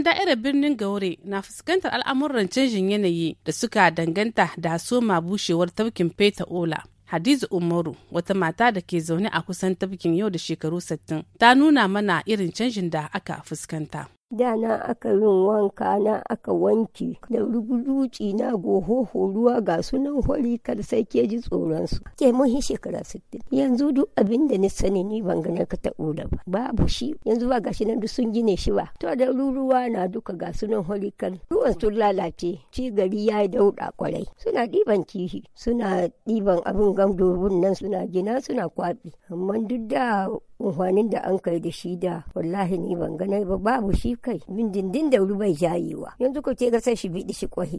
Matasan da'irar birnin Gaure na fuskantar al'amuran canjin yanayi da suka danganta da soma bushewar tafkin Feta Ola. Hadiza Umaru, wata mata da ke zaune a kusan tafkin yau da shekaru 60, ta nuna mana irin canjin da aka fuskanta. da na aka yin wanka na aka wanke. da ruguduci na gohoho ruwa ga sunan hori kar sai ke ji tsoron su ke mun shekara 60 yanzu duk abin da ni sani ni ban ganin ka ta ura ba babu shi yanzu ba gashi nan duk sun gine shi ba to da ruruwa na duka ga sunan hori kar ruwan sun lalace ci gari ya yi dauda kwarai suna diban kihi suna diban abin gamdobin nan suna gina suna kwabi amma duk da unhwanin da an kai da shi da wallahi ni ban ganar ba babu shi kai min dindin da wuri bai jayewa yanzu ko ce ga sai shi biɗi shi kwahi.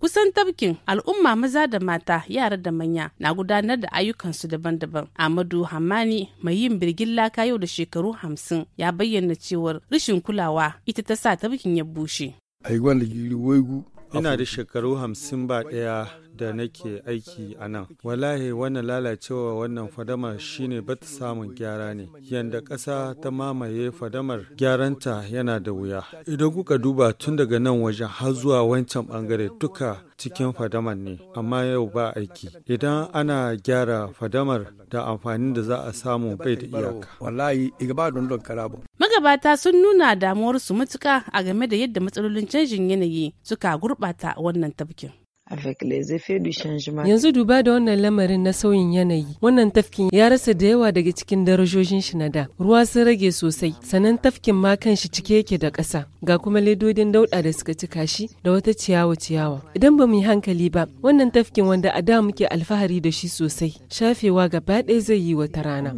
kusan tafkin al'umma maza da mata yara da manya na gudanar da ayyukansu daban-daban amadu hamani mai yin birgin laka yau da shekaru hamsin ya bayyana cewar rashin kulawa ita ta sa tafkin ya bushe Ina da shekaru hamsin ba ɗaya da nake aiki a nan. Walahi wannan lalacewa wannan fadamar shine ba ta samun gyara ne. Yanda ƙasa ta mamaye fadamar gyaranta yana da wuya. Idan kuka duba tun daga nan wajen har zuwa wancan ɓangare duka cikin fadamar ne, amma yau ba aiki. Idan ana gyara fadamar da amfani da za a samu bai da iyaka. Wallahi, igaba don don karabo. Magabata sun nuna damuwarsu matuka a game da yadda matsalolin canjin yanayi suka gurɓata wannan tafkin. Yanzu duba da wannan lamarin na sauyin yanayi, wannan tafkin ya rasa da yawa daga cikin darajojin shi na da. Ruwa sun rage sosai, sannan tafkin ma shi cike yake da ƙasa, ga kuma ledodin dauɗa da suka cika shi da wata ciyawa ciyawa. Idan ba mu yi hankali ba, wannan tafkin wanda a da muke alfahari da shi sosai, shafewa gaba ɗaya zai yi wata rana.